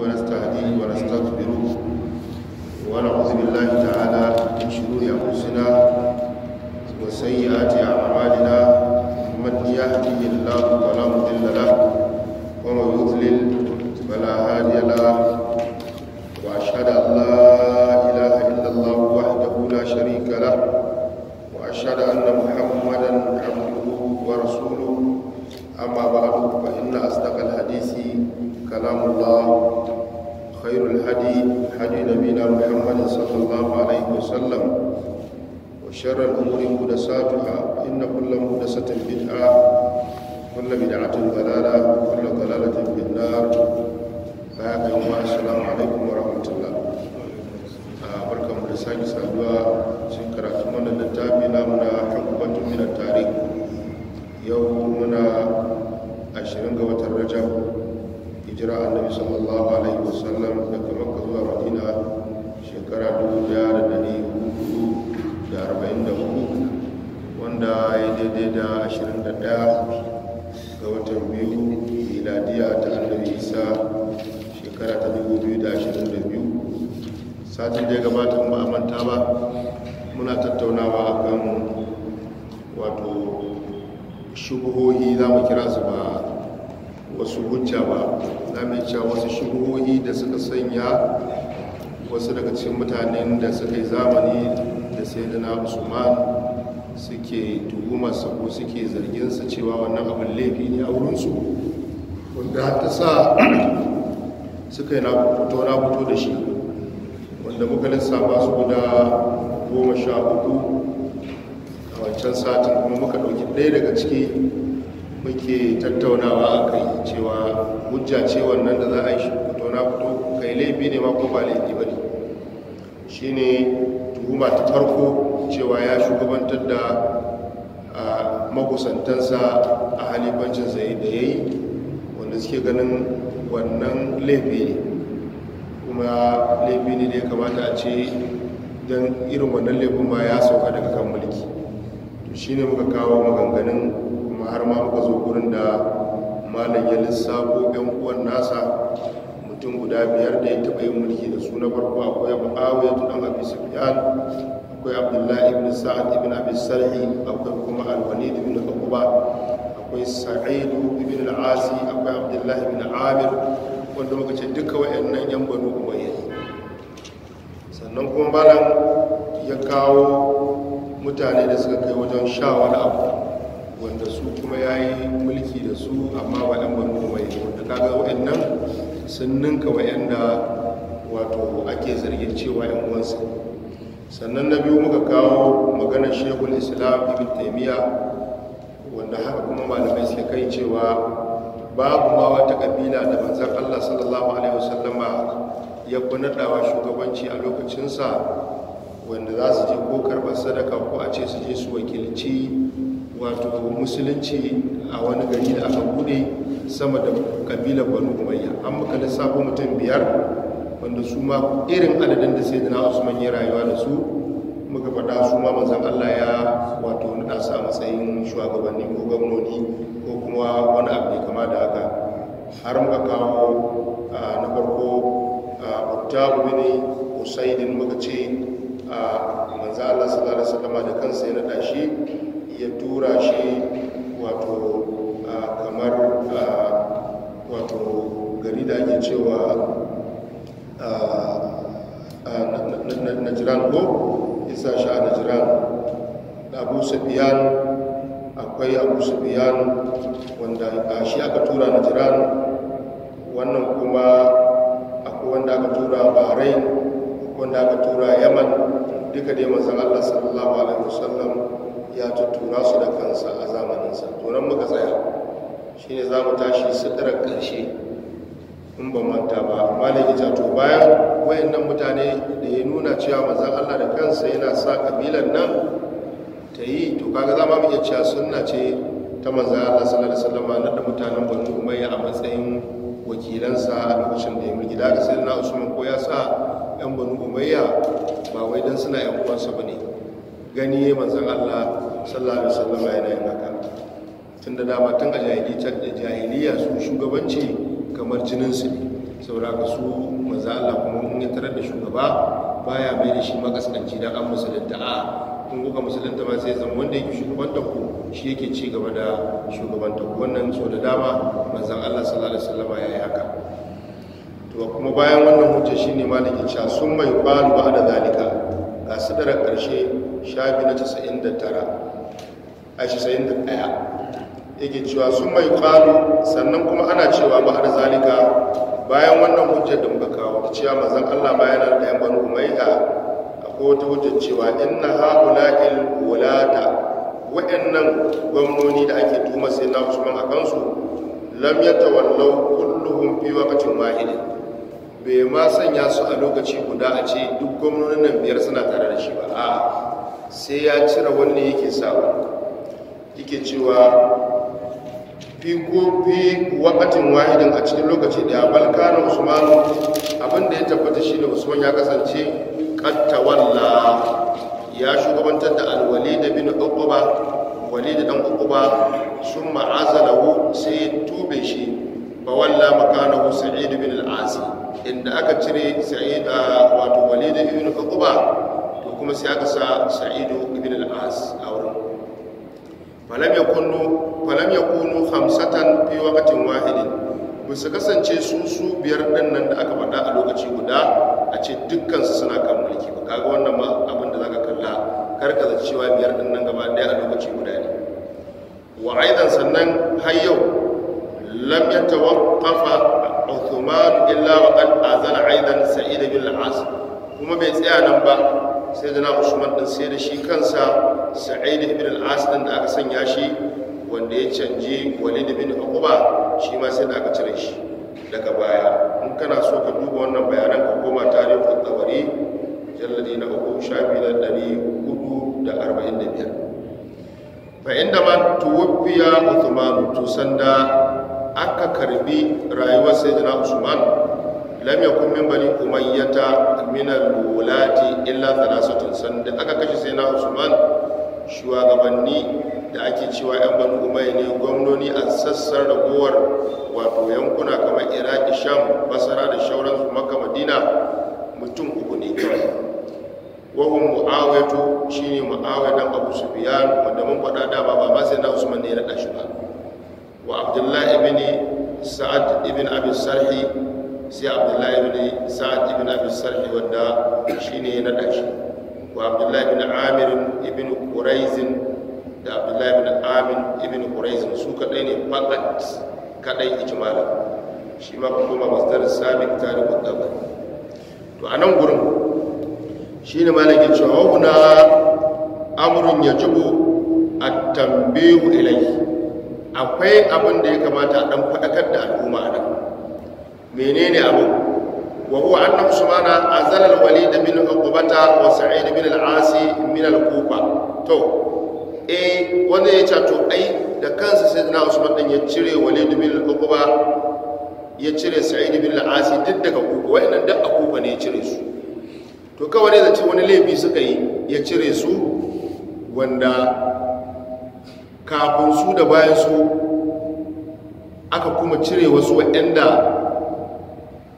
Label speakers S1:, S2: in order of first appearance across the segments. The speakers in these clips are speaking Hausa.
S1: ونستهديه ونستغفره ونعوذ بالله تعالى من شرور أنفسنا وسيئات أعمالنا من يهده الله فلا مضل له ومن يضلل فلا هادي له وأشهد أن لا إله إلا الله وحده لا شريك له وأشهد أن محمدا عبده ورسوله أما بعد فإن أصدق الحديث كلام الله خير الهدي هدي نبينا محمد صلى الله عليه وسلم وشر الأمور مدساتها إن كل مدسة بدعة كل بدعة ضلالة وكل ضلالة في النار فهذا يوم السلام عليكم ورحمة الله بركة مدساني سادوا شكرا كمان للتابي نامنا hijira annabi sallallahu alaihi wasallam daga makka zuwa madina shekara 1443 wanda ya daidai da 21 ga watan biyu miladiya ta annabi isa shekara ta 2022 satin da ya gabata ba a manta ba muna tattaunawa kan wato shubuhohi za mu kira su ba wasu hujja ba na mai cewa wasu shigohi da suka sanya wasu daga cikin mutanen da suka yi zamani da sai da na usman suke tuhumarsa ko suke zarginsa cewa wannan abin laifi ne a wurinsu wanda ta sa suka yi na fito na fito da shi wanda muka ba su guda goma sha hudu a wancan satin kuma muka ɗauki ɗaya daga ciki muke tattaunawa a kai cewa hujja ce wannan da za a yi shi fito na fito kai laifi ne ma ko ba laifi ba ne shi ne tuhuma ta farko cewa ya shugabantar da makusantansa a halibancin zai da ya yi wanda suke ganin wannan laifi ne kuma laifi ne da ya kamata a ce don irin wannan laifin ma ya sauka daga kan mulki shi ne muka kawo maganganun kuma har ma muka zo gurin da malam ya lissafo yan uwan nasa mutum guda biyar da ya taɓa yin mulki da su na farko akwai abu awo ya an abu sufyan akwai abdullahi ibn sa'ad ibn abi sarhi akwai kuma alwani walid ibn uqba akwai sa'idu ibn al'asi akwai abdullahi ibn amir wanda muka ce duka wa'annan yan banu umayya sannan kuma malam ya kawo mutane da suka kai wajen sha wani abu wanda su kuma ya yi mulki da su amma ba ɗan banu mai wanda kaga nan, sun ninka da wato ake zargin cewa yan uwansa sannan na biyu muka kawo maganar shekul islam ibn taimiyya wanda haka kuma malamai suka kai cewa babu ma wata kabila da manzan allah sallallahu alaihi wasallama ya kunadawa shugabanci a lokacinsa wanda za su je ko karɓar sadaka ko a ce su je su wakilci wato musulunci a wani gari da aka bude sama da kabilar banu umayya an muka lissafo mutum biyar wanda su ma irin adadin da sai da usman ya rayuwa da su muka faɗa su ma manzan allah ya wato naɗa su a matsayin shugabanni ko gwamnoni ko kuma wani abu kama da haka har muka kawo ah, na farko muktabu ah, ne usaidin muka ce a manza Allah sallallahu alaihi wasallam da kansa ya nada shi ya tura shi wato kamar wato gari da ake cewa najiran ko isa shi a najiran abu sufiyan akwai abu sufiyan wanda shi aka tura najiran wannan kuma akwai wanda aka tura bahrain wanda aka tura yaman duka dai manzan allah sallallahu alaihi wasallam ya tuttura su da kansa a zamaninsa tunan muka tsaya shi ne za mu tashi sitirar ƙarshe in ba manta ba da ita to bayan wayannan mutane da ya nuna cewa manzan allah da kansa yana sa kabilan nan ta yi to kaga za mu iya cewa sunna ce ta manzan allah sallallahu alaihi wasallam da mutanen banu umayya a matsayin wakilansa a lokacin da ya mulki da aka sai na usman ko ya sa 'yan banu umayya ba wai don suna 'yan uwansa ba ne gani manzan allah sallallahu alaihi wasallam yana yin haka tun da dama tun a jahiliya su shugabanci kamar jininsu ne sauraka su manzan allah kuma mun yi tarar da shugaba baya mai da shi makasanci don an musulunta a kun kuka musulunta ba sai zama wanda yake shugaban ku shi yake ci gaba da shugaban ku wannan so da dama manzan allah sallallahu alaihi wasallam ya yi haka to kuma bayan wannan hujja shine malik ya ce sun mai ba da zalika ga sidara karshe shafi na 99 a 91 yake cewa sun mai balu sannan kuma ana cewa ba da zalika bayan wannan hujjar da muka kawo ta cewa manzon Allah ma yana da yan banu umayya akwai wata hujjar cewa inna haula'il wulata wa'annan gwamnoni da ake tuhumar sai na usman a kansu lam yatawallau kulluhum fi waqtin wahidin bai ma sanya su a lokaci guda a ce duk gwamnonin nan biyar suna tare da shi ba a sai ya cire wanne yake sawa yake cewa fi ko wakatin wahidin a cikin lokaci da balka usmanu abinda ya tabbata shi da usman ya kasance kattawalla ya shugabantar da alwali da bin ukuba wali da dan ukuba sun ma'azalahu sai tube shi ba walla makanahu sa'id bin al'azi inda aka cire sa'ida wato walid ibn uqba to kuma sai aka sa sa'idu ibn al-as a wurin falam yakunu falam yakunu khamsatan fi waqtin wahidin musu kasance su su biyar din nan da aka bada a lokaci guda a ce dukkan su suna kan mulki ba kaga wannan ma abin da zaka kalla karkaza cewa biyar din nan gaba ɗaya a lokaci guda ne wa aidan sannan har yau lam yatawaqqafa عثمان إلا وقد أذن أيضا سعيد بن العاص kuma bai tsaya nan ba sai da na usman din sai da shi kansa sa'id ibn al-as din da aka sanya shi wanda ya canje walid bin uquba shi ma sai da aka cire shi daga baya in kana so ka duba wannan bayanan ka koma tarihin tabari jalladi na uku shafi na ɗari hudu da arba'in da biyar fa inda man tuwaffiya uthman to sanda aka karbi rayuwar sayyidina usman lam yakun min bani umayyata min al-wulati illa thalathatun sanda aka kashe sayyidina usman shugabanni da ake cewa yan bani umayya ne gwamnoni a sassan ragowar wato yankuna kamar iraki sham basra da shauransu makka madina mutum uku ne kawai hum mu'awiyatu shine mu'awiyatan abu sufyan wanda mun faɗa da ba ba usman ne na ɗashi ba wa abdullahi ibn sa'ad ibn abi sarhi sai abdullahi ibn sa'ad ibn abi sarhi wanda shine na dashi wa abdullahi ibn amir ibn quraiz da abdullahi ibn amin ibn quraiz su kadai ne fakat kadai ijmalan shi ma kuma masdar sabiq tarihu dabari to anan gurin shine malaki cewa wa amrun yajibu at-tanbihu ilayhi akwai abin da ya kamata a ɗan faɗakar da al'umma nan menene abin wa huwa anna a azala al da bin uqbata wa sa'id bin al-asi min al-kufa to eh wanda ya to ai da kansa sai sayyidina usman din ya cire walid bin uqba ya cire sa'id bin al-asi duk daga kufa wayannan duk a kufa ne ya cire su to kawai ne ce wani laifi suka yi ya cire su wanda kafin su da bayan su aka kuma cire wasu waɗanda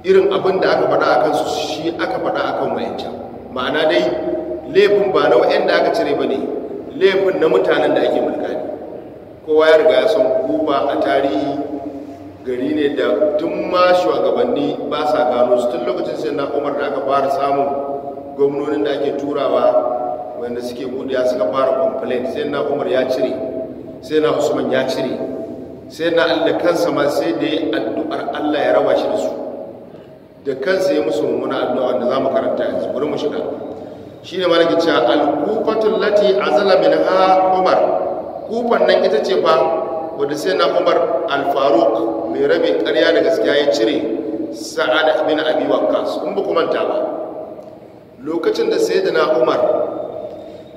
S1: irin abin da aka faɗa a kansu shi aka faɗa a kan ma'ana dai laifin ba na waɗanda aka cire ba ne laifin na mutanen da ake mulka ne kowa ya riga ya san kuba a tarihi gari ne da tun ma shugabanni ba sa gano su tun lokacin sai na umar da aka fara samun gwamnonin da ake turawa wanda suke buɗe suka fara complaint sai na umar ya cire sai na usman ya cire sai na allah kansa ma sai da ya addu'ar allah ya raba shi da su da kansa ya musu mummuna addu'a wanda za mu karanta yanzu bari mu shiga shi ne malaki cewa al-kufatul lati azala ha, umar kufan nan ita ce fa wanda sai na umar al-faruq mai rabe karya da gaskiya ya cire sa'ad bin abi waqqas kun ba ku manta ba lokacin da sayyidina umar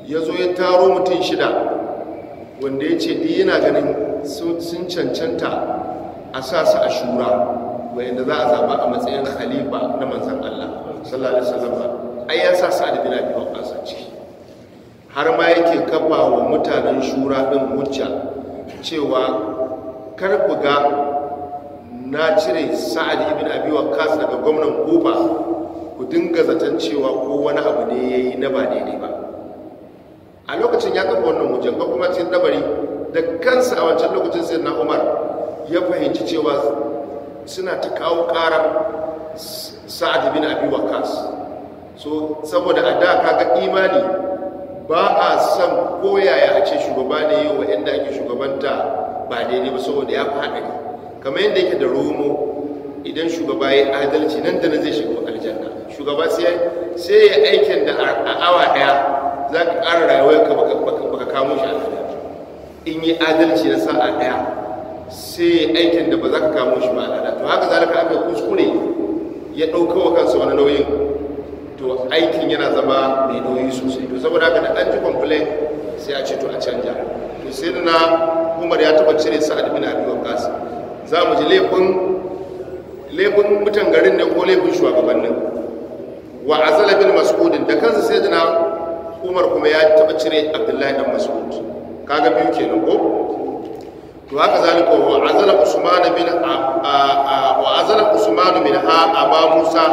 S1: ya zo ya taro mutum shida wanda ya ce di yana ganin sun cancanta a sa a shura wanda za a zaba a matsayin khalifa na manzan Allah sallallahu alaihi wasallam ai ya sa sa'ad bin biyu a ciki har ma yake kafa wa mutanen shura din hujja cewa kar ku ga na cire sa'ad ibn abi waqqas daga gwamnan kufa ku dinga zaton cewa ko wani abu ne yayi na ba daidai ba a lokacin ya kafa wannan hujjan ko kuma cikin dabari da kansa a wancan lokacin sai na umar ya fahimci cewa suna ta kawo karar sa'ad bin abi waqas so saboda a da ka ga imani ba a san koyaya a ce shugaba ne yau inda ake shugabanta ba daidai ba saboda ya fi kamar yadda yake da romo idan shugaba ya adalci nan da nan zai shiga aljanna shugaba sai ya aikin da a awa ɗaya za ka ƙara rayuwar ka baka kamo shi a alfada in yi adalci na sa'a ɗaya sai aikin da ba za ka kamo shi ba a alfada to haka za ka aka kuskure ya ɗauka wa kansa wani nauyin to aikin yana zama mai nauyi sosai to saboda haka da an ji complain sai a ce to a canja to sai na umar ya taɓa cire sa'ad bin abi waqas za mu ji laifin laifin mutan garin ne ko laifin shugabannin wa azalabin bin mas'udin da kansa sai na umar kuma ya taba cire abdullahi dan mas'ud kaga biyu kenan ko to haka zalika wa azala usman bin wa azala usman bin ha aba musa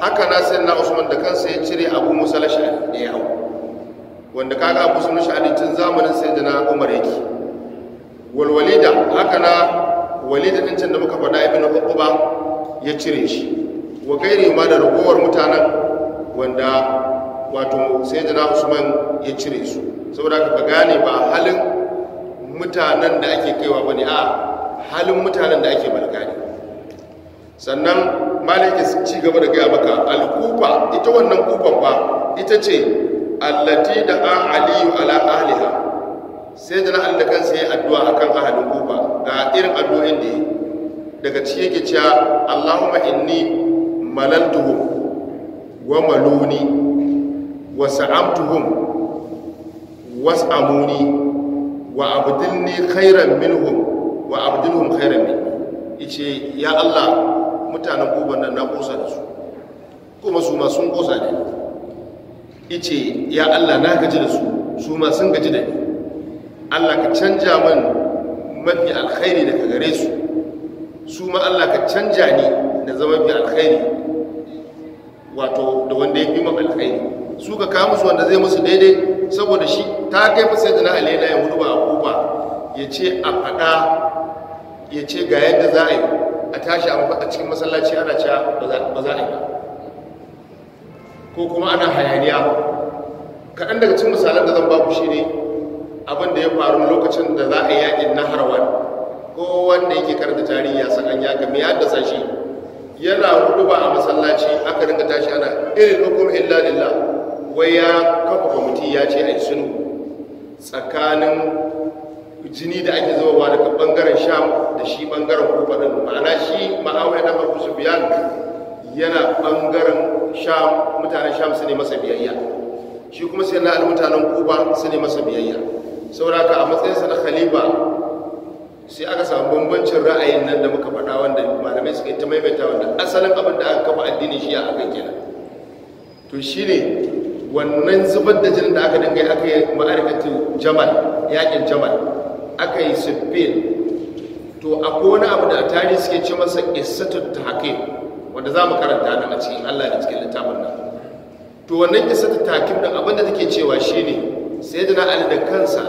S1: haka na na usman da kansa ya cire abu musa lashi ne ya hau wanda kaga abu lashi lashari tun zamanin sayyidina umar yake wal walida haka na walida din can da muka faɗa ibn uquba ya cire shi wa gairi ma da ragowar mutanen wanda wato sai da na usman ya cire su saboda ka gane ba halin mutanen da ake kaiwa ba ne a halin mutanen da ake malaka ne sannan malik ya ci gaba da gaya maka alkufa ita wannan kufan ba ita ce allati da an aliyu ala ahliha sai da na allakan sai addu'a akan ahalin kufa ga irin addu'o'in da yi daga ci yake cewa allahumma inni malaltuhum wa maluni wasa'amtuhum was'amuni wa abdilni khairan minhum wa abdilhum khairan min yace ya Allah mutanen kuban nan na kosa da su kuma su ma sun kosa da ni yace ya Allah na gaji da su su ma sun gaji da ni Allah ka canja min mafi alkhairi daga gare su su ma Allah ka canja ni na zama mafi alkhairi wato da wanda ya fi mafi alkhairi su ka kawo musu wanda zai musu daidai saboda shi ta kai fasai da na ali yana yin hudu ba a kufa ya ce a faɗa ya ce ga yadda za a yi a tashi a cikin masallaci ana cewa ba za a yi ba ko kuma ana hayaniya kaɗan daga cikin misalan da zan ba ku shi abin da ya faru lokacin da za a yi yakin na harwan ko wanda yake karanta tarihi ya san an ya dasa shi yana hudu ba a masallaci aka ringa tashi ana irin hukum illa lillah wai ya kafa kwamiti ya ce a yi sunu tsakanin jini da ake zuwa daga bangaren sham da shi bangaren kufaɗin ma'ana shi ma'awai na abu su biyan yana bangaren sham mutanen sham su ne masa biyayya shi kuma sai na mutanen kuba su ne masa biyayya sauraka a matsayinsa na khalifa sai aka samu bambancin ra'ayin nan da muka faɗa wanda malamai suka yi ta maimaita wanda asalin abin da aka kafa addinin shi a kan kenan to shi ne wannan zubar da jinin da aka dinga aka yi ma'arikacin jamal yakin jamal aka yi siffin to akwai wani abu da a tari suke ce masa isatun ta hakim wanda za mu karanta nan a cikin allah da cikin littafin nan to wannan isatun ta hakim da abinda take cewa shine sai da na ali da kansa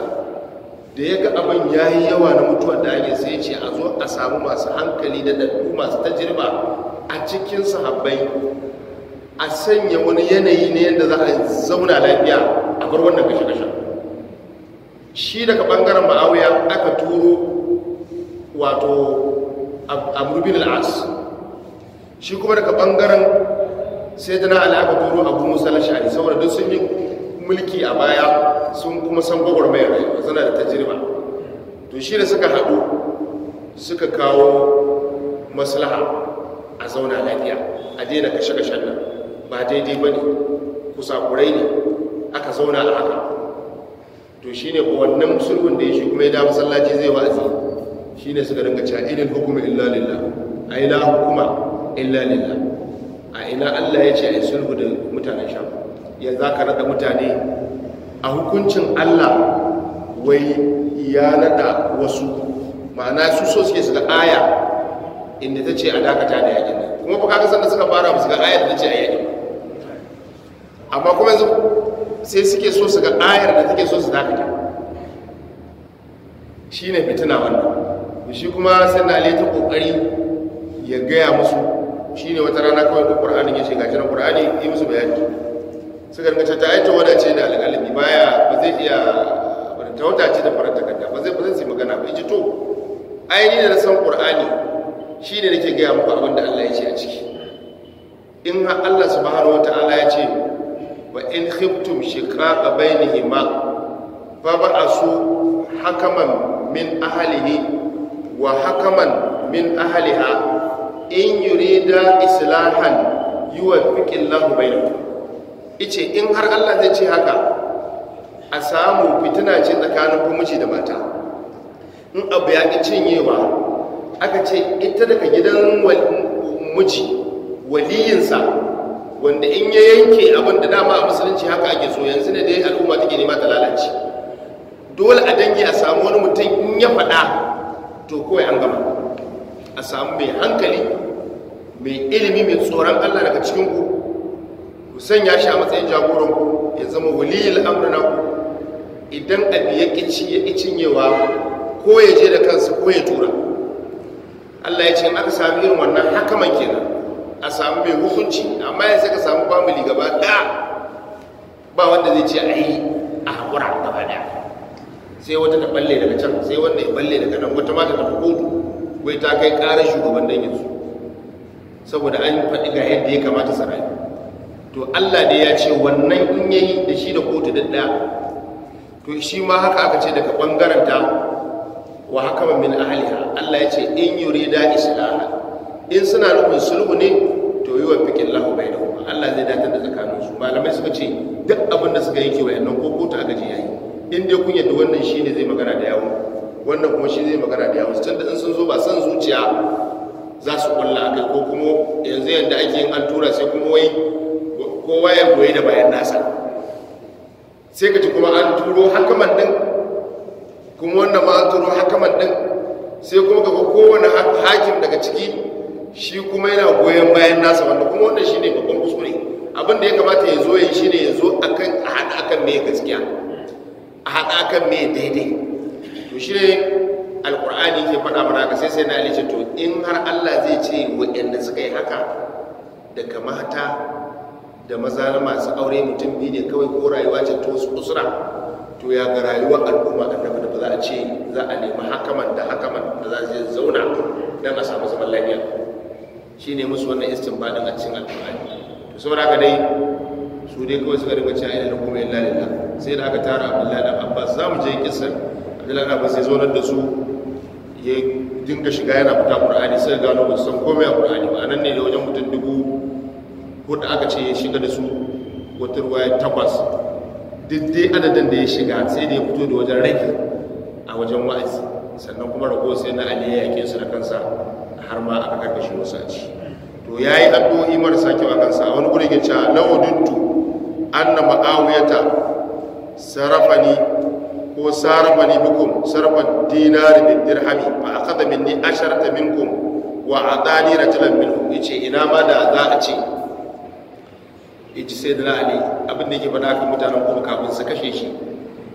S1: da ya ga abin ya yi yawa na mutuwa da ake sai ce a zo a samu masu hankali da ɗanɗu masu tajirba a cikin sahabbai a sanya wani yanayi ne yadda za a zauna lafiya a bar wannan kashe-kashe shi daga bangaren ma'awiya aka turo wato murbin al'as shi kuma daga bangaren sai dana ala aka turo abu na sha'ani saboda duk sun yi mulki a baya sun kuma san gwagwarmayar zana da tajirba to shi da suka haɗu suka kawo maslaha a zauna lafiya a daina kashe-kashen nan ba daidai ba ne kusakurai ne aka zauna a haka to shi ne wannan musulmin da ya shi kuma ya da masallaci zai wazi shi ne suka dinga cewa ilin hukuma illa lillah a ina hukuma illalila a ina allah ya ce a yi sulhu da mutanen sham ya za ka rada mutane a hukuncin allah wai ya nada wasu ma'ana su so suke su ga aya inda ta ce a dakata da yakin kuma ba kaga sanda suka fara musu ga ayar da ta ce a yakin amma kuma yanzu sai suke so su ga ayar da take so su dakata shi ne fitina wannan shi kuma sai na leta kokari ya gaya musu shi ne wata rana kawai duk ƙur'anin ya ce gashi na ƙur'ani yi musu bayani su rinka ta aita wada ce da alƙalibi baya ba zai iya ta wata ce da faranta takarda ba zai bazan magana ba ji to ainihi da san ƙur'ani shi ne nake gaya muku abin da Allah ya ce a ciki in ha Allah subhanahu ta'ala ya ce wa in khiftum shiqaqa bainihima fab'asu hakaman min ahlihi wa hakaman min ahliha in yurida islahan yuwaffiqillahu bainahum ice in har Allah zai ce haka a samu fitina ce tsakanin miji da mata in abu ya ƙi cinyewa aka ce ita daga gidan miji waliyinsa wanda in ya yanke abin da dama a musulunci haka ake so yanzu ne dai al'umma take nema ta lalace dole a dangi a samu wani mutum in ya faɗa to kawai an gama a samu mai hankali mai ilimi mai tsoron allah daga cikin ku ku sanya shi a matsayin jagoran ku ya zama waliyyar amurna ku idan abu ya ƙici ya cinyewa ko ya je da kansa ko ya tura allah ya ce in aka sami irin wannan haka man kenan a samu mai hukunci amma ya ka samu family gaba ɗaya ba wanda zai ce a yi a haƙura gaba ɗaya sai wata ta balle daga can sai wanda ya balle daga nan wata mata ta kotu wai ta kai ƙarar shugaban yanzu saboda an yi faɗi ga yadda ya kamata sarari. to allah ne ya ce wannan in yayi da shi da kotu da ɗaya to shi ma haka aka ce daga ɓangaren ta wa haka min ahaliha allah ya ce in yurida islaha in suna nufin sulhu ne to yi wa fikin lahu bai da kuma Allah zai datar da tsakaninsu malamai suka ce duk abin da suka yanke wa yannan ko ko a gaji yayi in dai kun yadda wannan shi ne zai magana da yawon wannan kuma shi zai magana da yawon tunda in sun zo ba san zuciya za su kulla a kai ko kuma yanzu yadda ake yin an tura sai kuma wai kowa ya goyi da bayan nasa sai ka ci kuma an turo hakaman din kuma wannan ma an turo hakaman din sai kuma ga kowane hakim daga ciki shi kuma yana goyon bayan nasa wanda kuma wannan shi ne babban kuskure abin da ya kamata ya zo yin shi ne ya zo a kan a haɗa akan mai gaskiya a haɗa kan mai daidai to shi ne alkur'ani ke faɗa mana haka sai sai na alice to in har allah zai ce waɗanda suka yi haka daga mata da maza na masu aure mutum biyu ne kawai ko rayuwa ce to su usura to ya ga rayuwar al'umma annabi da ba za a ce za a nemi hakaman da hakaman da za su zauna don a samu zaman lafiya Shi ne musu wannan baɗin a cikin alqur'ani to saboda haka dai su dai kawai suka dinga cewa ilal hukumi illa lillah sai da aka tara abdullahi da abba za mu je kisar abdullahi da abbas sai zaunar da su ya dinga shiga yana fita qur'ani sai gano ba san komai a qur'ani ba nan ne da wajen mutum dubu hudu aka ce ya shiga da su wata ruwa takwas tabbas dai adadin da ya shiga sai da ya fito da wajen rage a wajen wa'azi sannan kuma rago sai na aliyu ya yake su da kansa har ma aka karkashe wasu a ci to ya yi addu'o'i marasa kyau a kansa a wani gurin yace lawaduntu anna ma'awiyata sarafani ko sarafani bikum sarfa dinari bin dirhami fa akhadha minni asharata minkum wa adani rajulan minhum yace ina ma da za a ce yace sai da ali abin da yake faɗa kan mutanen kuma kafin su kashe shi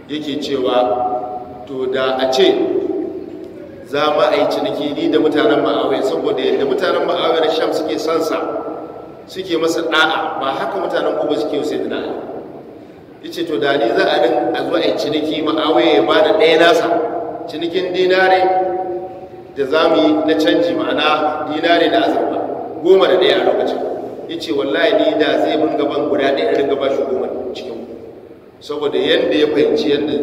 S1: yake cewa to da a ce za mu a yi ciniki ni da mutanen ma'awai saboda yadda mutanen ma'awai na sham suke sansa suke masa da'a ba haka mutanen kuma suke yau sai da da'a ya ce to da ni za a din a zuwa yi ciniki ma'awai ya ba da ɗaya nasa cinikin dinare da za mu yi na canji ma'ana dinare da azurfa goma da ɗaya a lokacin ya ce wallahi ni da zai bin gaban guda ɗaya rin gaba shi goma cikin saboda yadda ya fahimci yadda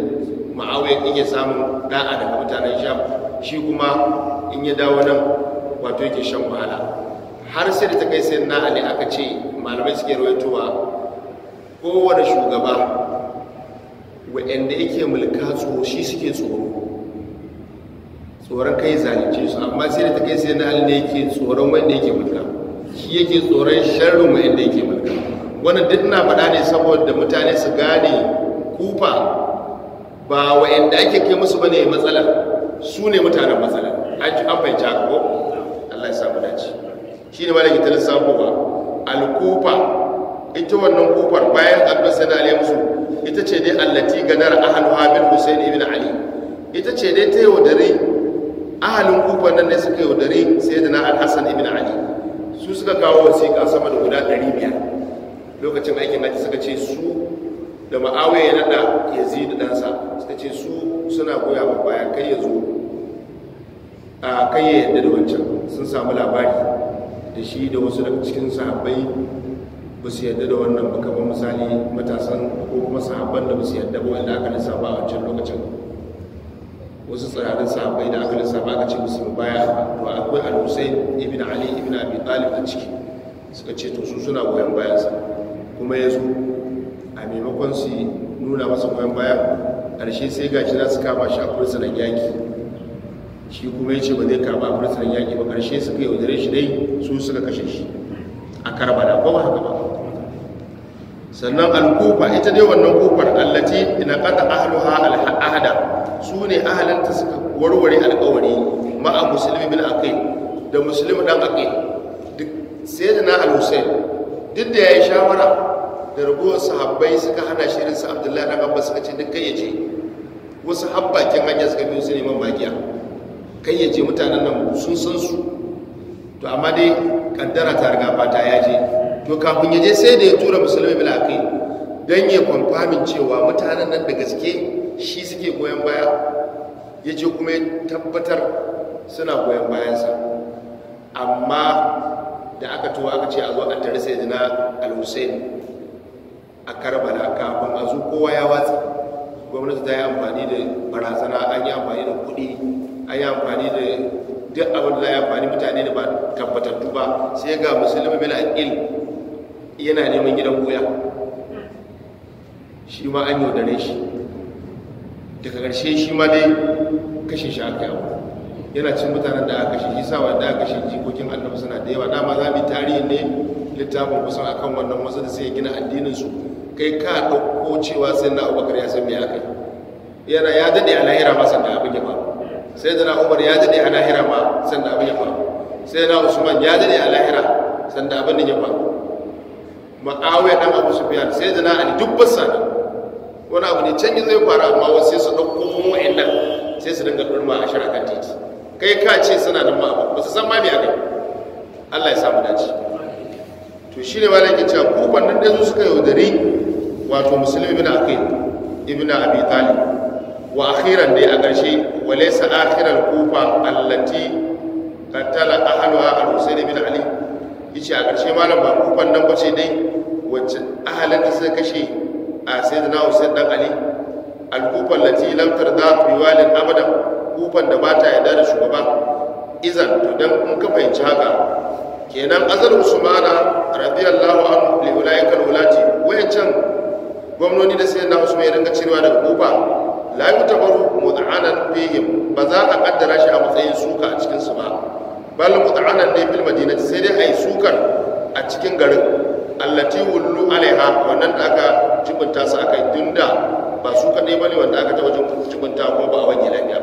S1: ma'awiyar in ya samun da'a daga mutanen sham shi kuma in ya dawo nan wato yake shan wahala har sai da ta kai sai na ali aka ce malamai suke rawaitowa kowane shugaba wa'anda yake mulka tsoro shi suke tsoro tsoron kai zalunce su amma sai da ta kai sai na ali ne yake tsoron wanda yake mulka shi yake tsoron sharrin wa'anda yake mulka wannan duk na faɗa ne saboda mutane su gane kufa ba wa'anda ake kai musu bane matsala su ne mutanen matsala an ji amfani haka ko Allah ya samu dace shi ne malaki talin ba alkufa ita wannan kufar bayan abdul Sani ali musu ita ce dai allati ganar ahlu habil husaini ibn ali ita ce dai ta yaudare ahalin kufar nan ne suka yaudare sai da na al-hassan ibn ali su suka kawo wasiƙa sama da guda biyar. lokacin aikin naji suka ce su da ma'awai ya nada da ɗansa suka ce su suna goya ba baya kai ya zo a kai ya yadda da wancan sun samu labari da shi da wasu daga cikin sahabbai ba su yadda da wannan ba kamar misali matasan ko kuma sahabban da ba su yadda ba wanda aka ba a wancan lokacin wasu tsirarin sahabbai da aka ba aka ce musu baya to akwai alusai, husayn ibn ali ibn abi talib a ciki suka ce to su suna goyon bayansa kuma ya zo maimakon su nuna masa goyon baya ƙarshe sai gashi za su kama shi a fursunan yaƙi shi kuma ya ce ba zai kama a fursunan yaƙi ba ƙarshe suka yaudare shi dai su suka kashe shi a karbala ba ba haka ba sannan alkofa ita dai wannan kofar allati ina kata ahluha al'ahada su ne ahalinta suka warware alkawari ma'a musulmi bin aqil da musulmi dan aqil duk sai da na al-husayn duk da yayi shawara da raguwar sahabbai suka hana shirin su abdullahi dan abbas suka ce duk kai ya ce. wasu habbakin hanya suka biyo su neman bagiya kai ya ce mutanen nan sun san su to amma dai kaddara ta riga fata ya je to kafin ya je sai da ya tura musulmi bil kai, dan ya kwamfamin cewa mutanen nan da gaske shi suke goyon baya ya je kuma ya tabbatar suna goyon bayansa amma da aka tuwa aka ce a zo a tare sai al-Hussein a karbala kafin a zo kowa ya watsa gwamnati ta yi amfani da barazana an yi amfani da kuɗi an yi amfani da duk abin da za a yi amfani mutane da ba tabbatattu ba sai ga musulmi bin aqil yana neman gidan goya shi ma an yaudare shi daga ƙarshe shi ma dai kashe shi aka yawo yana cin mutanen da aka kashe shi sa wanda aka kashe jikokin annabi suna da yawa dama za mu yi tarihi ne littafin kusan akan wannan wasu da sai gina addinin su kai ka ɗauko cewa sai na abubakar ya san me aka yana ya daɗe a lahira ma sanda abin ya sai da na umar ya daɗe a lahira ma sanda abin ya sai na usman ya daɗe a lahira sannan abin ya faru ma'awiyar ɗan abu su biya sai da na ali duk basa ne wani abu ne can zai fara amma wasu sai su ɗauko mu'in nan sai su dinga ɗurma a shirya kan titi kai ka ce suna da ma'abu ba su san ma me aka Allah ya samu dace to shi ne malam ya cewa ko nan da su suka yaudari wato musulmi ibn aqil ibn abi talib wa akhiran dai a ƙarshe wa laysa akhiral kufa allati qatala ahluha al-husayn ibn ali yace a ƙarshe malam ba kufan nan ba ce dai wacce ahalin da suka kashe a sayyidina husayn dan ali al-kufa allati lam tarda bi walin abadan kufan da ba ta yarda da shugaba izan to dan in ka fahimci haka kenan azal usmana radiyallahu anhu li ulaika alulati can gwamnoni da sayyidina usman ya danga cirewa daga kufa la yutabaru mud'anan fihim ba za a kaddara shi a matsayin suka a cikin su ba bal mud'anan ne bil madinati sai dai ai sukar a cikin garin allati wullu alaiha wannan da aka jibinta su akai tunda ba su kadai bane wanda aka ta wajen jibinta ko ba a wani lafiya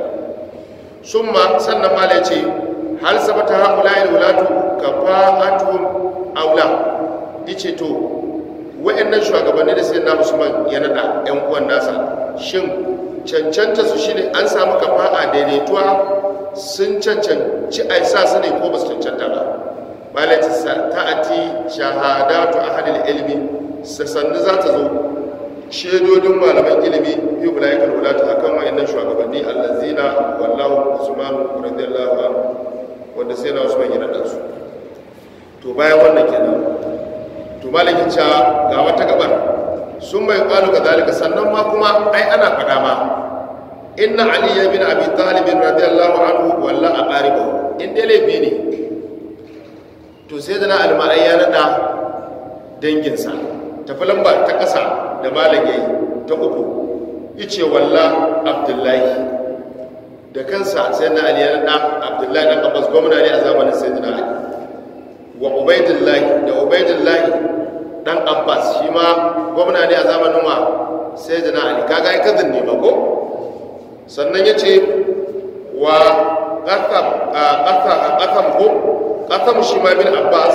S1: summa sannan mala ce hal sabata haula'il wulatu kafa'atuhum aula yace to wayannan shugabanni da sayyidina musulman ya nada yan uwan nasa shin cancanta su shine an samu kafa'a daidaituwa sun cancanci a sa su ne ko ba su cancanta ba malaka ta'ati shahadatu ahlil ilmi sannu za ta zo shedodin malaman ilimi yi bulaikar wadatu akan wayannan shugabanni allazina wallahu usman radiyallahu anhu wanda sai na usman ya naɗa su to bayan wannan kenan to malaki ca ga wata gabar sun bai ƙwano ga zalika sannan ma kuma ai ana faɗa ma inna ali ya bin abi talibin radiyallahu anhu walla a in dai laifi ne to sai da na almarai ya naɗa danginsa tafi lamba ta kasa da malam ya yi ta uku yace walla abdullahi da kansa sai na aliyar na dan abdullahi dan abbas gwamna ne a zamanin sayyidina ali wa ubaidullahi da ubaidullahi dan abbas shi ma gwamna ne a zamanin wa sayyidina ali kaga ai kazin ne ba ko sannan ya ce wa ƙasam ko ƙasam shi ma bin abbas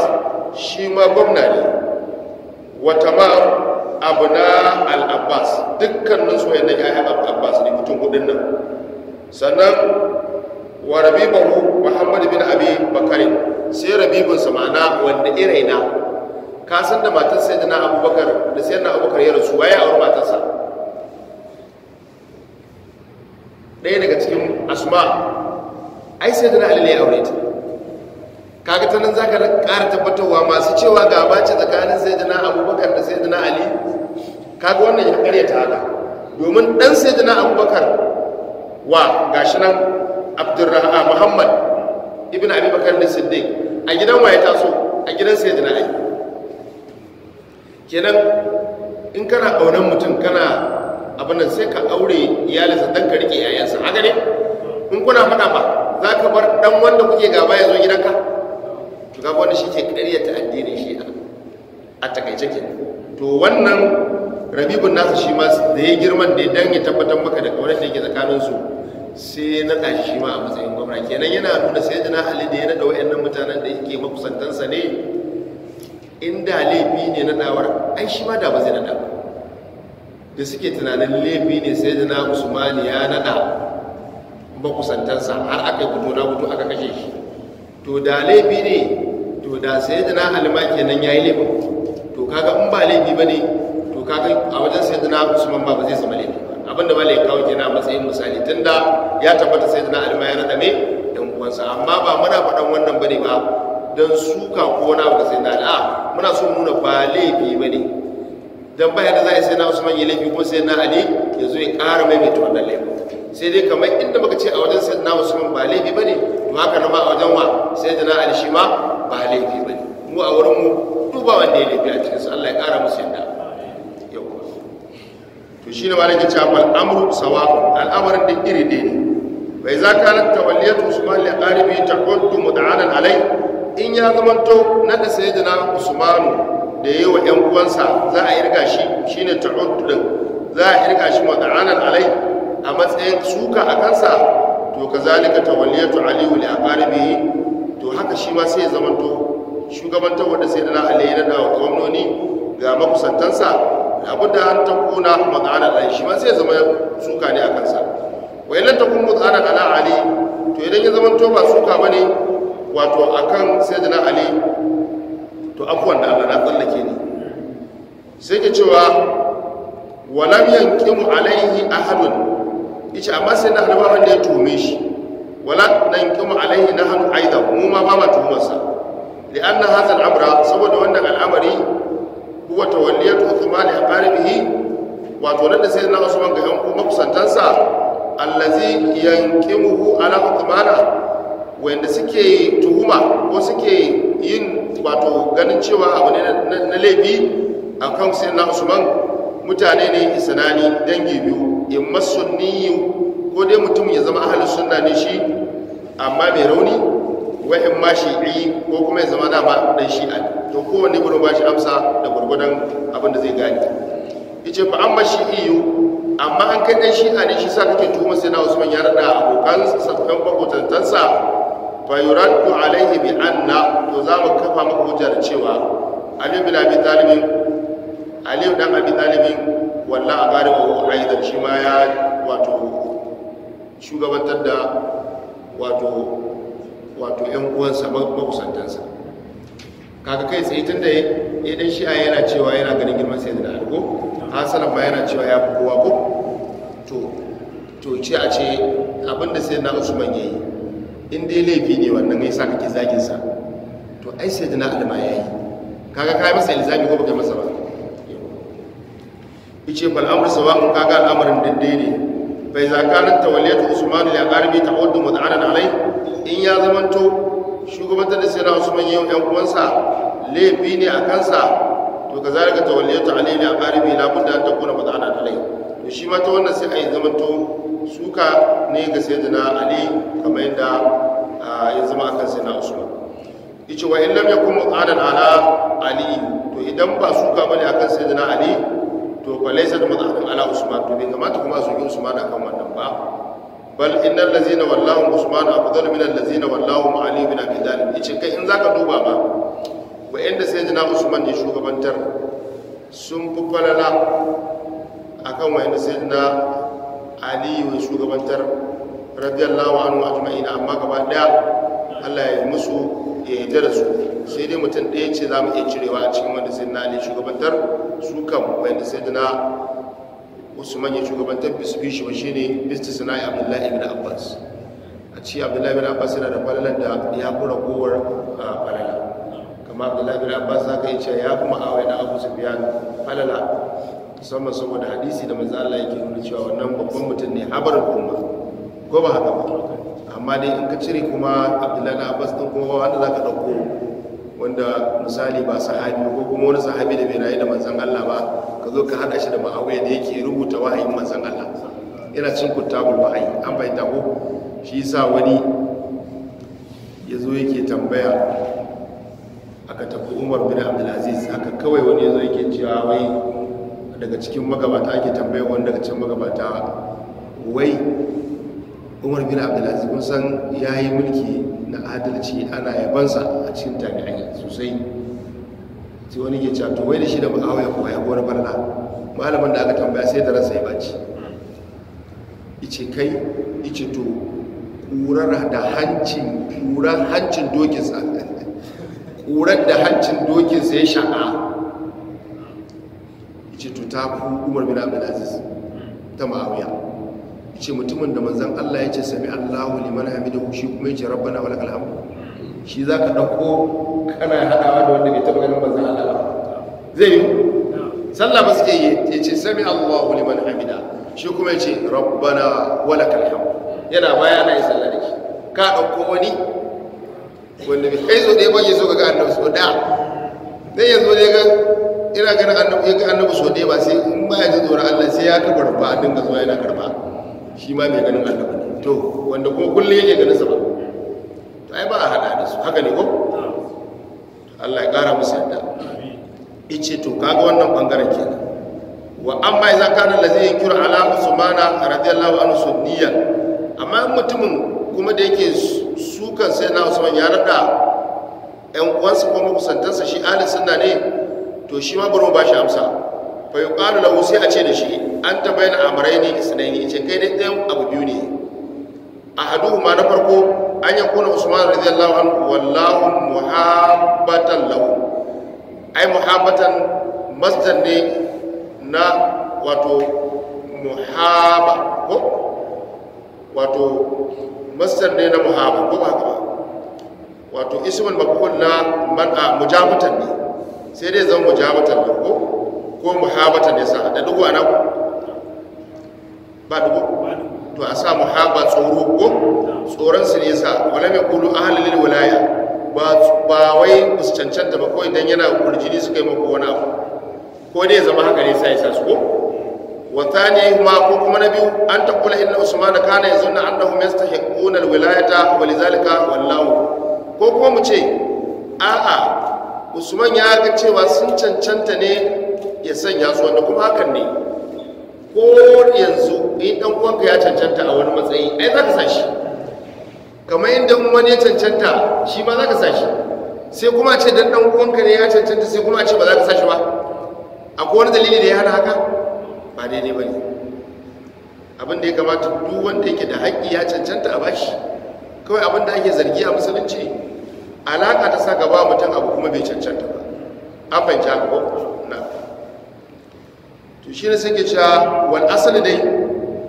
S1: shi ma gwamna ne wa tamam abu na al'abbas dukkanin soyayya ya yi abbas ne mutum hudun nan sannan wa rabibahu muhammad bin abi bakari sai rabibinsa ma'ana wanda iraina ka san da matar sayyidina abubakar da sayyidina abubakar ya rasu waye a matansa? ɗaya daga cikin asma ai sayyidina ali ne ya aure ta kaga ta nan zaka ƙara tabbatarwa masu cewa gaba ce tsakanin sayyidina abubakar da sayyidina ali kaga wannan ya ta haka domin ɗan sayyidina abubakar wa gashi nan abdurrahman ah, muhammad ibn abubakar da siddiq a gidan waye taso a gidan sai jina ai kenan in kana ƙaunar mutum kana abin nan sai ka aure iyalinsa don ka rike yayansa haka ne in kuna faɗa ba za ka bar ɗan wanda kuke gaba ya zo gidanka to ga wani shi ke ƙaryata addinin shi a takaice kenan to wannan rabibun nasa shi ma da ya girman da dan ya tabbatar maka da kaunar da yake tsakanin su sai na ɗashi shi ma a matsayin gwamna kenan yana nuna sai jina ali da ya naɗa wa'annan mutanen da yake makusantansa ne in da laifi ne na ɗawar ai shi ma da ba zai naɗa da suke tunanin laifi ne sai jina usmani ya nada makusantansa har aka yi fito na fito aka kashe shi to da laifi ne to da sai jina ali ma kenan ya yi laifin kaga in ba laifi ba ne to kaga a wajen sayyidina usman ba ba zai zama laifi ba abinda ba laifi kawo kenan a matsayin misali tunda ya tabbata dana alma ya rada ne dan uwansa amma ba muna faɗan wannan ba ne ba dan suka ko na abu sai dana a muna so mu nuna ba laifi ba ne dan ba yadda za a yi na usman ya laifi ko sayyidina ali ya zo ya ƙara mai wannan laifi sai dai kamar inda muka ce a wajen dana usman ba laifi ba ne to haka na ba a wajen wa sayyidina ali shi ma ba laifi ba ne mu a wurin mu duba wanda ya laifi a cikin su Allah ya kara musu yadda yau to shi ne malaki cewa amru sawa al'amarin da iri ɗaya ne bai za ka lanta waliyatu usman li mu taqaddu anan alai in ya zamanto na da jana usmanu da yi wa ƴan uwansa za a irga shi shine taqaddu din za a irga shi anan alai a matsayin suka a kansa to kazalika tawalliyatu ali li qaribi to haka shi ma sai ya zamanto shugabantar wadda sai dana ali na dawa wa gwamnoni ga makusantansa da an ta kuna magana da shi ma sai zama suka ne a kansa wa illan ta kun mutsara ala ali to idan ya zama to ba suka ne wato kan sai dana ali to abuwan da Allah na tsallake ne sai ke cewa walam yankin alaihi ahadun ita amma sai na ba wanda ya tume shi wala nankimu alaihi nahnu aidan mu ma ba ma tuhumarsa li'anna hadha al-amra saboda wannan al'amari huwa tawalliyatu uthman li aqaribihi wato nan da sai na usman ga yan makusantansa allazi yanqimuhu ala uthmana wanda suke tuhuma ko suke yin wato ganin cewa abu ne na laifi akan sai na usman mutane ne isnani dangi biyu imma sunniyu ko dai mutum ya zama ahlus sunna ni shi amma bai rauni wa in ma shi'i ko kuma ya zama dama dan shi'a to kowanne gurin ba shi amsa da gurgudan abin da zai gane yace fa amma shi yi. amma an kai dan a ne shi sa kake tuhumar sai na Usman ya rada abokan sabkan bakotantansa fa yuraddu alaihi bi anna to za mu kafa maka hujja da cewa Ali bin Abi Talib Ali dan Abi Talib wallahi a gare wa aidan shi ma ya wato shugabantar da wato wato yan uwansa makusantansa kaga kai tsaye tun da ya dan shi'a yana cewa yana ganin girman sai da algo hasalan ma yana cewa ya fi kowa ko to to ce a ce abinda sai na usman yayi in dai laifi ne wannan ya sa kake zagin sa to ai sai da na alma yayi kaga kai masa ilzami ko baka masa ba yace bal amru sawa'un kaga al'amarin daidai ne bai zakarar tawaliyatu usman ya garbi ta wadda mutanen alai in ya zamanto shugabantar da sirra usman yau yan kuwansa laifi ne a kansa to ka ta zarika tawaliyatu alai ya garbi labun da ta kuna mutanen alai to shi mata wannan sai a yi zamanto suka ne ga sai da na ali kamar yadda ya zama akan sai na usman ice wa lamya lam ya kuma mutanen ala ali to idan ba suka bane akan sai da na ali to fa laysa madhhabun ala usman to bai kamata kuma su yi usman akan wannan ba bal innal ladzina wallahu usman afdalu min allazina wallahu ali bin abi talib yace kai in zaka duba ba Wa wa'anda jina usman ya shugabantar sun fi falala akan wa'anda jina ali ya shugabantar radiyallahu anhu ajma'in amma gaba daya Allah ya yi musu ya yi da su sai dai mutum ɗaya ce za mu iya cirewa a cikin wanda sai na ne shugabantar su kan wanda sai na wasu manya, shugabantar bisbishi ba shi ne bisti sana'i abdullahi ibn abbas a ci abdullahi ibn abbas yana da falalar da ya fi ragowar falala kama abdullahi ibn abbas za ka yi cewa ya fi ma'awa na abu biya falala musamman saboda hadisi da manzo Allah yake nuna cewa wannan babban mutum ne habar kuma. ko ba haka ba amma dai in ka cire kuma abdullahi na abbas din kuma wanda za ka ɗauko wanda misali ba sahabi ko kuma wani sahabi da bai rayu da manzan allah ba ka zo ka haɗa shi da ma'auya da yake rubuta wahayin manzan allah Ina cin kuttabul wahayi an fahimta ko shi yasa wani ya zo yake tambaya aka tafi umar bin abdulaziz aka kawai wani ya zo yake cewa wai daga cikin magabata ake tambaya wani daga cikin magabata wai umar bin abdulaziz kun san ya yi mulki na adalci ana yabansa a cikin tabi'ai sosai sai wani ke cewa to wai da shi da ya ko ya na barna malamin da aka tambaya sai da ransa ya baci ice kai ice to kurar da hancin kurar hancin dokinsa kurar da hancin dokinsa ya sha'a ice to ta fi umar bin abdulaziz ta ma'awaya ce mutumin da manzan Allah ya ce sami Allahu liman hamidahu shi kuma ya ce rabbana wa lakal hamd shi za ka ɗauko kana hadawa da wanda bai taɓa ganin manzan Allah ba zai yi sallah ba suke yi ya ce sami Allahu liman hamida shi kuma ya ce rabbana wa lakal hamd yana baya na yi sallah da shi ka ɗauko wani wanda bai kai zo da ya bayyana so ga annabi so da dai yanzu ne ga ina ganin annabi ya ga annabi so da ba sai in ba ya ji tsoron Allah sai ya barba a dinga zuwa yana karba shi ma mai ganin Allah ne to wanda kuma kullum yake ganin sa ba to ai ba a hada da su haka ne ko Allah ya kara musu yadda ice to kaga wannan bangaren ke wa amma idza kana allazi kira ala usmana radiyallahu anhu sunniya amma mutumin kuma da yake sukan sai na usman ya rada ɗan uwansa kuma kusantarsa shi ahli sunna ne to shi ma baro ba shi amsa fa yuqalu lahu sai a ce da shi an ta bayyana amurai ne ne ce kai dai ɗayan abu biyu ne a hadu ma na farko an yi kuna usman radiyallahu an wallahu muhabbatan lahu ai muhabbatan masdar ne na wato muhabba ko wato masdar ne na muhabba ko ba ka ba wato isimin maf'ul na man a mujabatan ne sai dai zan mujabatan lahu ko muhabatan ne sa da duk na ba dubu to a sa muhabba tsoro ko tsoron su ne sa wala mai kulu ahalil wilaya ba wai su cancanta ba kawai dan yana kurjini suka yi mako wani abu ko dai zama haka ne sai sa su ko wata ne ma ko kuma na biyu an kula inna usmana kana yazunna annahum yastahiquna alwilayata wa lidhalika wallahu ko kuma mu ce a'a usman ya ga cewa sun cancanta ne ya sanya su wanda kuma hakan ne ko yanzu in dan uwanka ya cancanta a wani matsayi ai za ka sa shi kamar yadda wani ya cancanta shi ma za ka sa shi sai kuma ce dan dan uwanka ne ya cancanta sai kuma ce ba za ka sa shi ba akwai wani dalili da ya hana haka ba daidai ba ne abin da ya kamata duk wanda yake da haƙƙi ya cancanta a bashi kawai abin da ake zargi a musulunci alaƙa ta sa gaba mutum abu kuma bai cancanta ba an fahimci haka ko to shi ne sake cewa wal asali dai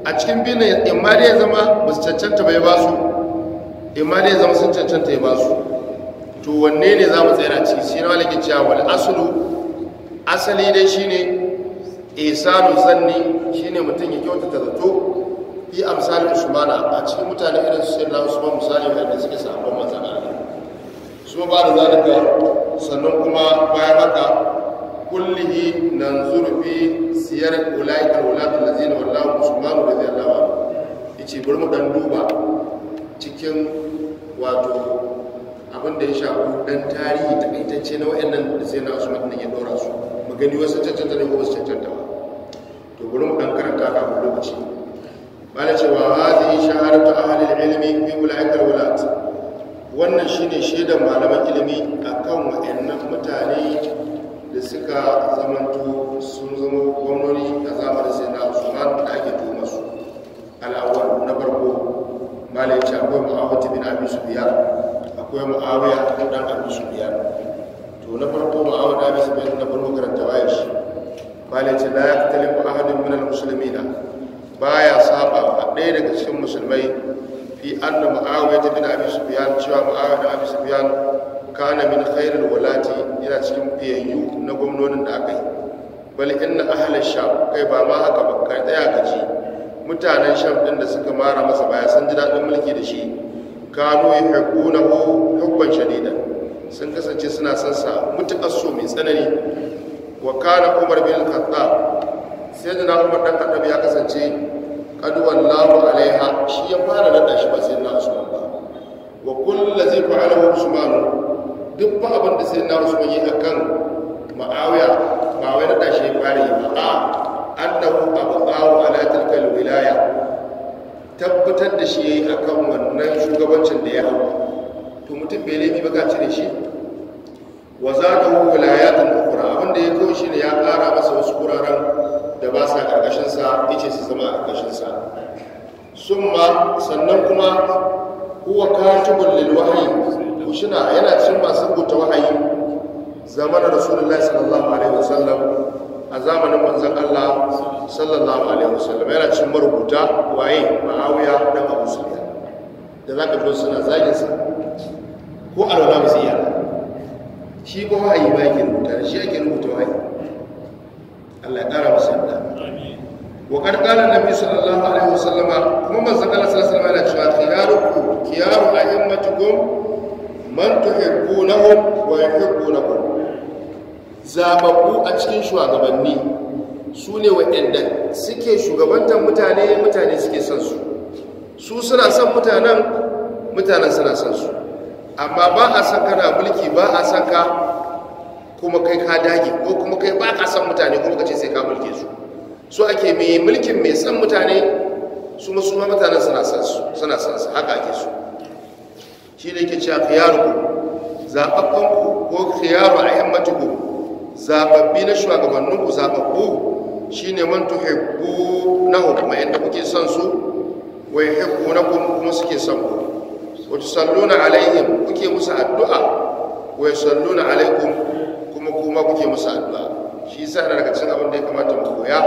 S1: a cikin biyu ne in ma ya zama ba su cancanta bai ba su in ma ya zama sun cancanta ya ba su to wanne ne za mu tsira ciki shi ne malaki cewa wal asali asali dai shi ne isanu zanni shi ne mutum ya ta zato a misali usmana a cikin mutane irin su sai na ba misali wanda suke sabon manzana su ba da zalika sannan kuma bayan haka كله ننظر في siyar ulaikal wulatul الذين والله musulmanu radiyallahu الله yace bari mu dan duba cikin wato abin da ya shafi dan tarihi takaitacce na wayannan سو مغني واسا تشتا mutum ya تشتا su mu gani wasu cancanta wasu cancanta to bari mu dan karanta cewa fi wannan shine shaidan malaman ilimi akan waannan mutane da suka zamanto sun zama gwamnoni a zamanin sai na usman da ake tuma su al'awar na farko malai ce akwai ma'awata bin su biyar akwai a kan dan su biyar to na farko ma'awata bin su sufyan na farko karanta waye shi malai ce la yaktalifu ahadun musulmi na. Ba baya saba a ɗaya daga cikin musulmai fi an da ma'awata bin su sufyan cewa bin abin su sufyan kana min khairul walati yana cikin fiyayyu na gwamnonin da aka yi bal inna ahla sham kai ba ma haka ba kai tsaya ka ji mutanen sham din da suka mara masa baya sun ji dadin mulki da shi kanu yuhibbunahu hubban shadida sun kasance suna son sa mutukar so mai tsanani wa kana umar bin al-khattab sayyidina umar dan khattab ya kasance qad wallahu alaiha shi ya fara nada shi ba sayyidina usman ba wa kullu zai fa'alahu duk ba abin da sai na usman yi kan ma'awiya ba wai na tashi fara ba a annahu abu tsawo ala wilaya tabbatar da shi yi a kan wannan shugabancin da ya hau to mutum bai laifi ba kaci da shi wa zadahu wilaya ta nufura, abinda ya kawo shi ne ya kara masa wasu wuraren da ba sa ƙarƙashinsa sa ce su zama ƙarƙashinsa. Sun sannan kuma huwa katibul lil kushina yana cikin masu rubuta wahayi zamanin rasulullahi sallallahu alaihi wasallam a zamanin manzon Allah sallallahu alaihi wasallam yana cikin marubuta waye ma'awiya da abu sufyan da zaka ji suna zagin sa ko alwala ba iya shi ko wahayi ba yake rubuta shi yake rubuta wahayi Allah ya kara masa da wa qad nabi sallallahu alaihi wasallam kuma manzon Allah sallallahu alaihi wasallam yana cewa khiyarukum khiyaru a'immatikum man tuhibbunahum wa yuhibbunakum zababbu a cikin shugabanni su ne waɗanda suke shugabantar mutane mutane suke son su su suna son mutanen mutanen suna son su amma ba a san kana mulki ba a san ka kuma kai ka dage ko kuma kai ba ka san mutane kuma ka ce sai ka mulke su su ake mai mulkin mai san mutane su ma mutanen suna son su haka ake su shi ne ke cewa khiyarukum ku ko khiyaru a matuku zababbi na shugabanninku zaɓaɓɓu shi ne man tuhibbu na hukuma yadda kuke son su wa yuhibbu na kuma kuma suke son ku wa tusalluna alaihim kuke musu addu'a wa yusalluna alaikum kuma kuma kuke musu addu'a shi yasa yana daga cikin abin da ya kamata mu koya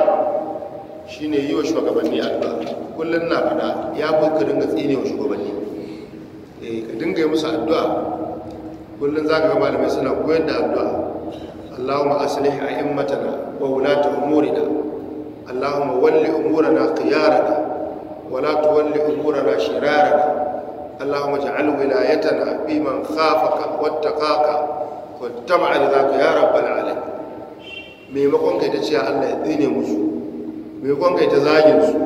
S1: shine yi wa shugabanni addu'a kullum na faɗa ya kuka dinga tsine wa shugabanni E, ka dinga yi musu addu'a kullum za ka gaba da mai suna koyar da addu'a allahumma asalihi a immatana wa wulata umurina allahumma walli umurana khiyarana wala tuwalli umurana shirarana allahumma ja'al wilayatana fi man khafaka wattaqaka wattaba da zaka ya rabbal alamin maimakon kai ta ce Allah ya tsine musu maimakon kai ta zagin su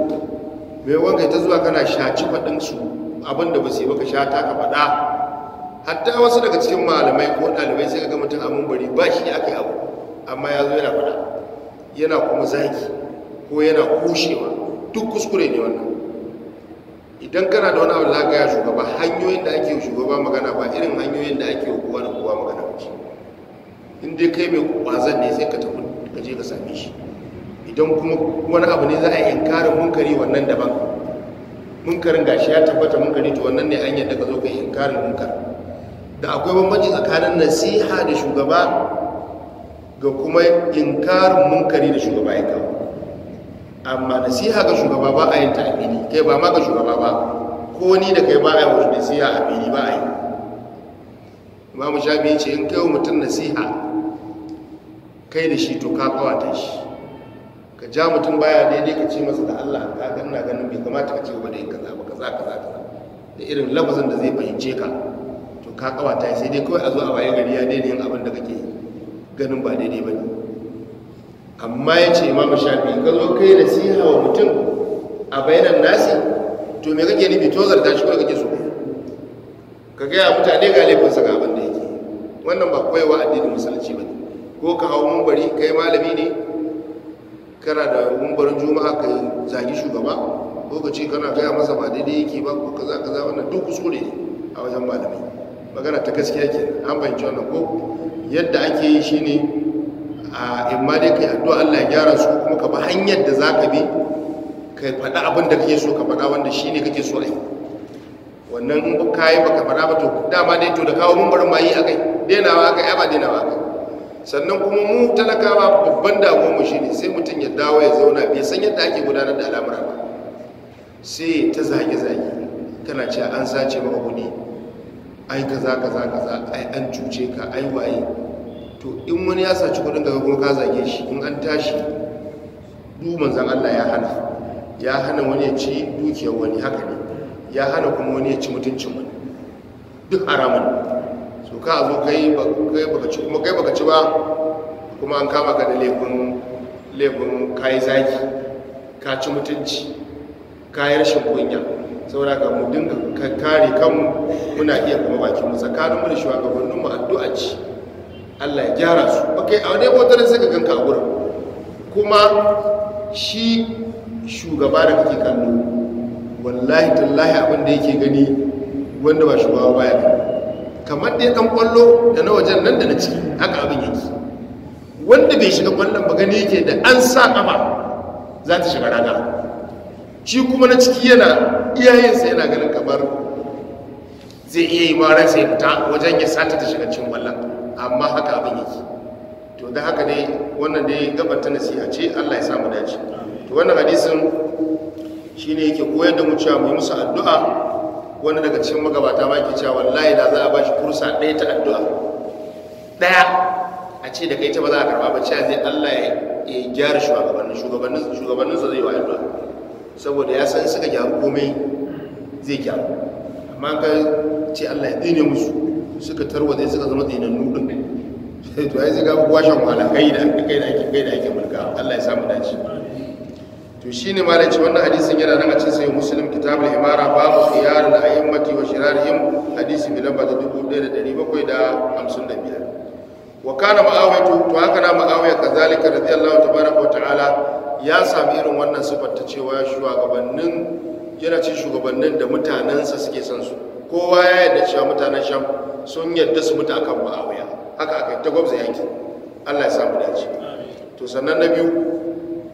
S1: maimakon kai ta zuwa kana shaci faɗin su abin da ba su yi baka sha ta ka faɗa hatta wasu daga cikin malamai ko ɗalibai sai ga mutum amin bari ba shi aka yi abu amma ya zo yana faɗa yana kuma zaki ko yana kushewa duk kuskure ne wannan idan kana da wani abu da gaya shugaba hanyoyin da ake shugaba magana ba irin hanyoyin da ake kowa da kowa magana ba in dai kai mai kwazan ne sai ka tafi ka je ka same shi idan kuma wani abu ne za a yi inkarin munkari wannan daban munkarin gashi ya tabbata munkari to wannan ne an yadda ka zo ka yi inkarin munkar da akwai bambanci tsakanin nasiha da shugaba ga kuma inkarin munkari da shugaba ya kawo amma nasiha ga shugaba ba a yin ta amini kai ba ma ga shugaba ba ko ni da kai ba a yi wasu nasiha amini ba a yi sha shafi ce in kai wa mutum nasiha kai da shi to ka kawata shi ja mutum baya daidai ka ce masa da Allah ka ganna ganin bai kamata ka ce ba dai kaza ba kaza kaza kaza da irin lafazin da zai fahimce ka to ka ta sai dai kawai a zo a waye gari ya daidai yin abin da kake ganin ba daidai ba ne amma ya ce imamu shafi ka zo kai nasiha wa mutum a bayanan nasi to me kake nufi to zarta shi ko kake so ka gaya mutane ga laifinsa ga abin da yake wannan ba koyewa addinin musulunci ba ne ko ka hau bari kai malami ne kana da mumbarin juma'a ka zagi shugaba ko ka ce kana gaya masa ba daidai yake ba ko kaza kaza wannan duk kuskure ne a wajen malamai magana ta gaskiya ke an bayyana wannan ko yadda ake yi shine a imma dai kai addu'a Allah ya gyara su kuma ka ba hanyar da zaka bi ka faɗa abin da kake so ka faɗa wanda shine kake so rai wannan in ka yi baka faɗa ba to dama dai to da kawo mumbarin ma yi akai dainawa akai ba denawa. akai sannan kuma mu talakawa babban damuwa shine sai mutum ya dawo ya zauna bai san yadda ake gudanar da al'amura ba sai ta zage-zage kana cewa an sace maka kuɗi ai kaza kaza kaza ai an cuce ka ai waye to in wani ya saci kuɗin ka kuma ka zage shi in an tashi du manzon Allah ya hana ya hana wani ya ci dukiyar wani haka ne ya hana kuma wani ya ci mutuncin wani duk haramun ka zo kai baka ci kuma kai baka ci ba kuma an kama ka da laifin laifin kayi zaki ka ci mutunci yi rashin kunya saboda ka mu dinga kare kanmu muna iya kuma baki mu tsakanin mu da shugabannin mu addu'a ci Allah ya gyara su okay a wani motar sai ka ganka a gurin kuma shi shugaba da kake kallo wallahi tallahi abin da yake gani wanda ba shugaba baya ne kamar da ya ɗan ƙwallo da na wajen nan da na ciki haka abin yake wanda bai shiga ƙwallon ba gani yake da an sa ƙafa za ta shiga raga shi kuma na ciki yana iyayensa yana ganin kamar zai iya yi mara sai ta wajen ya sata ta shiga cin ƙwallon amma haka abin yake to da haka ne wannan dai gabar ta nasiha ce allah ya samu dace to wannan hadisin shine yake koyar da mu cewa mu yi musu addu'a wani daga cikin magabata ma ke cewa wallahi da za a bashi kursa ɗaya ta addu'a ɗaya a ce da kai ta ba za a karɓa ba cewa zai Allah ya gyara shugabannin shugabannin shugabannin sa zai yi addu'a saboda ya san suka gyaru komai zai gyaru amma ka ce Allah ya dine musu suka zai suka zama tsinannu din to ai zai ga kuwa shan kai da kai da ake kai da ake mulka Allah ya samu dace to shine ce wannan hadisin yana nan a cikin sahih musulun kitabul imara babu khiyar da mati wa shirarihim hadisi bi lamba ta 1755 wa kana ma'awai to haka na ma'awiya kazalika ta tabaraka wa ta'ala ya sami irin wannan sifar ta cewa shugabannin yana ci shugabannin da mutanensa suke son su kowa ya yadda cewa mutanen sham sun yadda su mutu akan ma'awai haka aka yi ta gwabza yanki Allah ya samu dace to sannan na biyu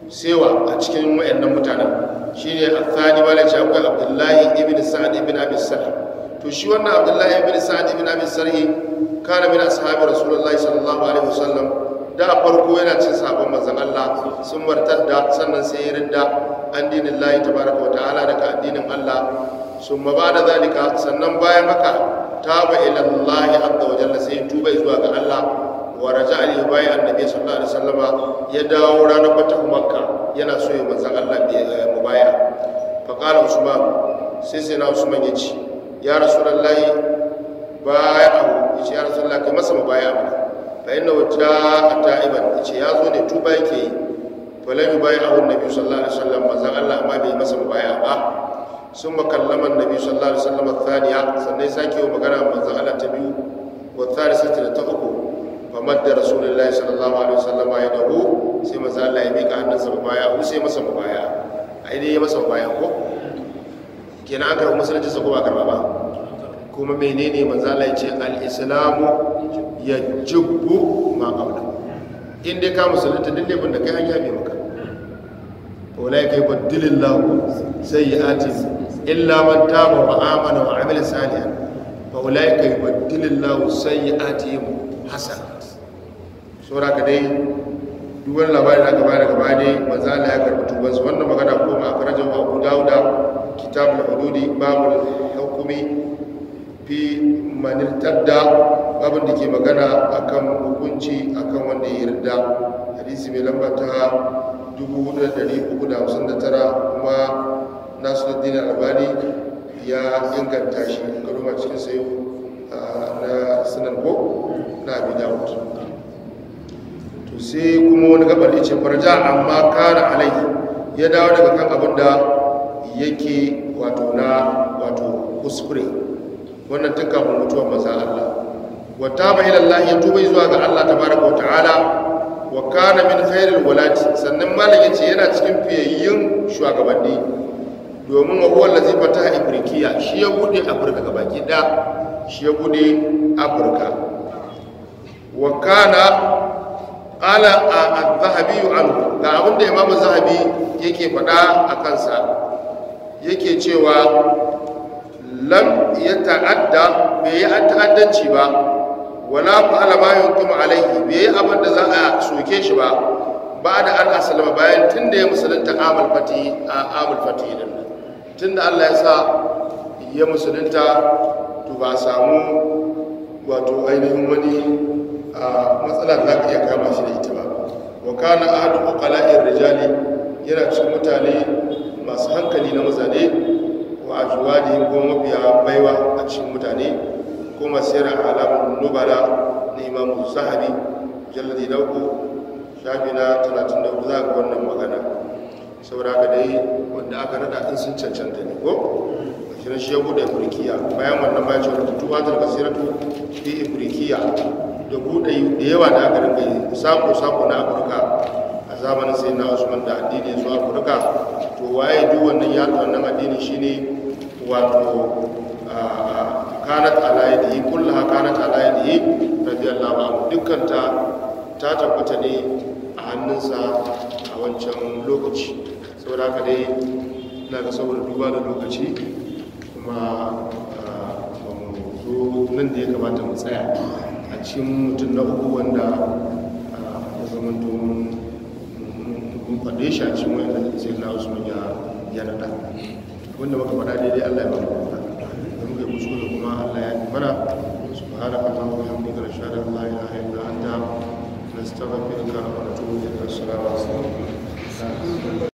S1: sewa a cikin wayannan mutanen shine al-thani wala shaqqa abdullahi ibn sa'd ibn abi sarh to shi wannan abdullahi ibn sa'd ibn abi sarh kana min ashabi rasulullahi sallallahu alaihi wasallam da farko yana cin sabon manzon Allah sun da sannan sai ya rinda an dinin Allah tabaraka wa ta'ala daga addinin Allah sun ba da zalika sannan bayan haka taba ila Allah azza wa jalla sai tuba zuwa ga Allah wa raja ali bayan annabi sallallahu alaihi wasallama ya dawo ranar fatahu makka yana so ya manzan Allah ya eh, mubaya fa qala usman sai sai na usman ya ce ya rasulullahi bayahu ya ce ya rasulullahi kai masa mubaya mana fa inna wata ta'iban ya ce ya zo ne tuba yake yi fa lam yubayahu annabi sallallahu alaihi wasallam manzan Allah amma bai masa mubaya ba sun makallama nabi sallallahu alaihi wasallam thaniya sannan sake yi magana manzan Allah ta biyu wa thalithatu ta uku famar da rasulullahi sallallahu alaihi wasallama ya dago sai maza Allah ya mika hannunsa mabaya ko sai masa mubaya ai ne ya masa mabaya ko kenan an karɓi musulunci sa ko ba karɓa ba kuma menene manzo Allah ya ce al-islamu yajibu ma qabla in dai ka musulunta duk bin da kai an yabe maka ولئك يبدل الله سيئاتهم إلا من ba وآمن وعمل صالحا فأولئك yi ati سيئاتهم حسنة saura ka dai duk wani labarin da aka bayar daga baya dai manzo Allah ya karbi tuban su wannan magana koma a karajan Abu Dawud kitab al-hududi babul hukumi fi man irtadda babin da ke magana akan hukunci akan wanda ya yarda hadisi mai lamba ta 4359 kuma Nasiruddin Albani ya inganta shi ga cikin sayo ah, na sanan ko na Abi Dawud sai kuma wani gabar ya ce farja amma kara alai ya dawo daga kan abin da yake wato na wato kuskure wannan tun kafin mutuwar maza Allah wata ba ilallah ya tuba zuwa ga Allah ta fara ko ta'ala wa kana min khairil walati sannan malam ce yana cikin fiyayyun shugabanni domin wa huwa allazi fataha afirkiya shi ya bude afirka gabaki da shi ya bude afirka wa kana ƙala a zahabi anhu ga abinda imamu zahabi yake faɗa a kansa yake cewa lam ya ta'adda bai yi an ta'addanci ba wala fa'ala ma yunkum alaihi bai yi abin da za a soke shi ba ba da an asalama bayan tun da ya musulunta amul fati a amul fati din tun da Allah ya sa ya musulunta to ba samu wato ainihin wani
S2: matsala za ka iya kama shi da ita ba wa kana ahadu uqala'ir rijali yana cikin mutane masu hankali na mazane
S1: wa ajwadihim ko biya baiwa a cikin mutane ko masira alamun nubala na imamu zahabi jalladi uku shafi na Talatin da za ga wannan magana saboda ka dai wanda aka nada in sun cancanta ne ko shirin shi ya bude burkiya bayan wannan bayan cewa rubutu wajen kasiratu fi burkiya da bude da yawa da aka rinka yi sako sako na afirka a zamanin sai na usman da addini su afirka to waye duk wannan ya wannan addini shine wato kanat alayhi ha kanat alayhi radiyallahu anhu dukkan ta ta tabbata ne a hannunsa a wancan lokaci saboda haka dai ina ga saboda duba da lokaci kuma ba mu zo nan da ya kamata mu tsaya shi mutum na uku wanda ya zama domin faɗe shi a cikin sai na ya ya naɗa wanda muka faɗa daidai allah ya da muka yi kuskure kuma allah ya mana subhanahu wa
S2: ta'ala wa hamdika rashada allah ya anta